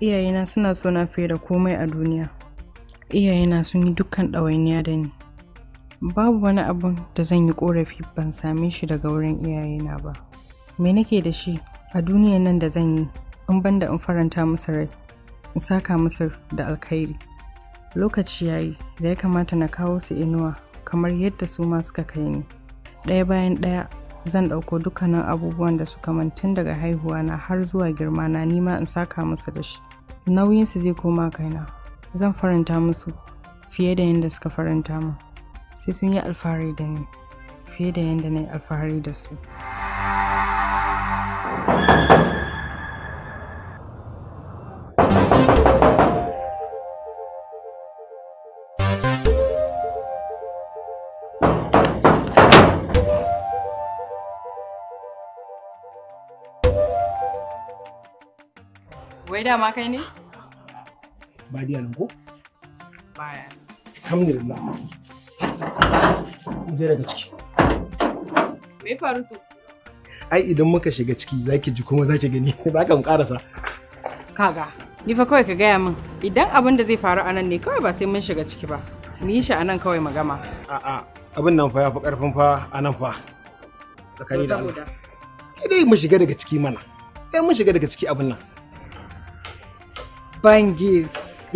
Iyayena suna so na fiye da komai a duniya. Iyayena sun yi dukkan ɗawainiya da ni. Babu wani abun da zan yi ƙorafi ban same shi daga wurin iyayena ba. Me nake da shi a duniya nan da zan yi in ban da in faranta musu rai, in saka musu da alkhairi. Lokaci ya yi da ya kamata na kawo su inuwa kamar yadda su ma suka kai ni. Ɗaya bayan ɗaya zan ɗauko dukkanin abubuwan da suka mantun daga haihuwa na har zuwa girma na nima in saka musu da shi nauyinsu zai koma kaina zan faranta musu fiye da yadda suka faranta mu sai sun yi alfahari da ni fiye da yadda na yi alfahari da su da dama kai ne? Ba diya nan ko? Baya. Alhamdulillah. Mu je daga ciki. Me faru to? Ai idan muka shiga ciki zaki ji kuma zaki gani ba ka mu karasa. Kaga, ni fa kawai ka gaya min idan abin da zai faru a nan ne kawai ba sai mun shiga ciki ba. mu yi shi a nan kawai magama. A'a, abin nan fa ya fi karfin fa a nan fa. Tsakani da Allah. Sai dai mu shiga daga ciki mana. Sai mun shiga daga ciki abin nan. Bangis.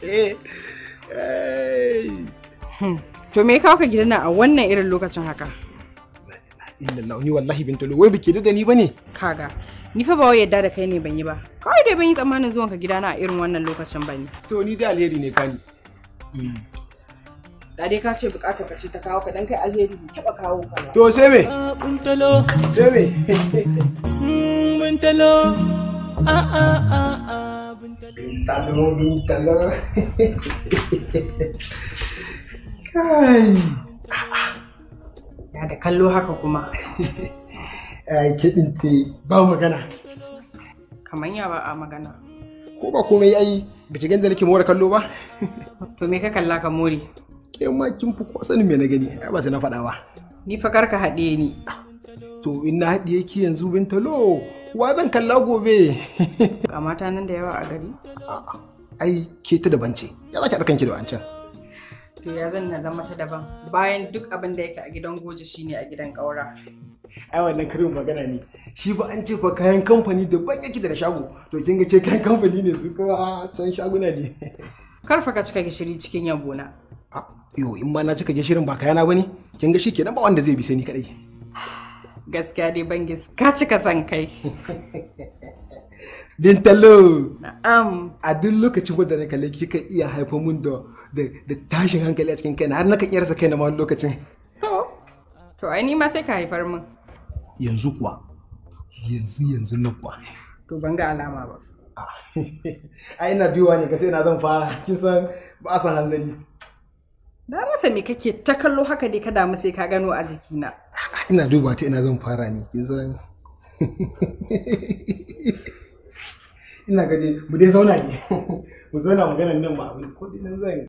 hey. Hmm. To me kawo ka gidana a wannan irin lokacin haka? Inna ni wallahi Bintalo wai biki da ni bane. Kaga. Ni fa ba wai yadda da kai ne ban yi ba. Kawai dai ban yi tsammanin zuwan ka gidana a irin wannan lokacin bane. To ni da alheri ne kani. Hmm. da dai ka ce bukatar ka ce ta kawo ka dan kai alheri ne taba kawo ka to sai me ah, sai me hmm, Bintalo. Bintang dulu, bintang dulu. Kai. Ya da kallo haka kuma. Ai, eh, kiɗin ce ba magana. Kamar ya ba a magana. Ko ba komai ai, ba ki ganda nake more kallo ba? To me ka kalla ka more? Ke ma kin fi ko sanin me na gani, ai ba sai na faɗa ba. Ni fa karka haɗe ni. to ina haɗi yake yanzu lo wa zan kalla gobe ga mata nan da yawa a gari ai ke ta daban ce ya za ki haɗa kanki da wancan to ya zan na zama ta daban bayan duk abin da yake a gidan goji shine a gidan ƙaura ai wannan karin magana ne shi ba an ce fa kayan kamfani daban yake da shago to kin ga ke kayan kamfani ne su kuma can shaguna ne karfa ka cika gishiri cikin yabona ah, yo in ma na cika gishirin ba kayana ne kin ga shi kenan ba wanda zai bi sai ni kadai Gaskiya dai bangis ka cika san kai. Dintalo! Na'am. A duk lokacin da na kalle kika iya haifar mun da da tashin hankali a cikin kaina har na kan iya rasa kaina ma wani lokacin. To, to ai ni ma sai ka haifar min. Yanzu kuwa. Yanzu yanzu na kuwa. To ban ga alama ba. Ah, ai ina biyuwa ne ka ce ina zan fara kin san ba a san hanzari. Na rasa me kake ta kallo haka dai ka damu sai ka gano a jikina. ina duba ta ina zan fara ne kin san ina gani mu dai zauna ne mu zauna maganar nan ma abin ko dai nan zan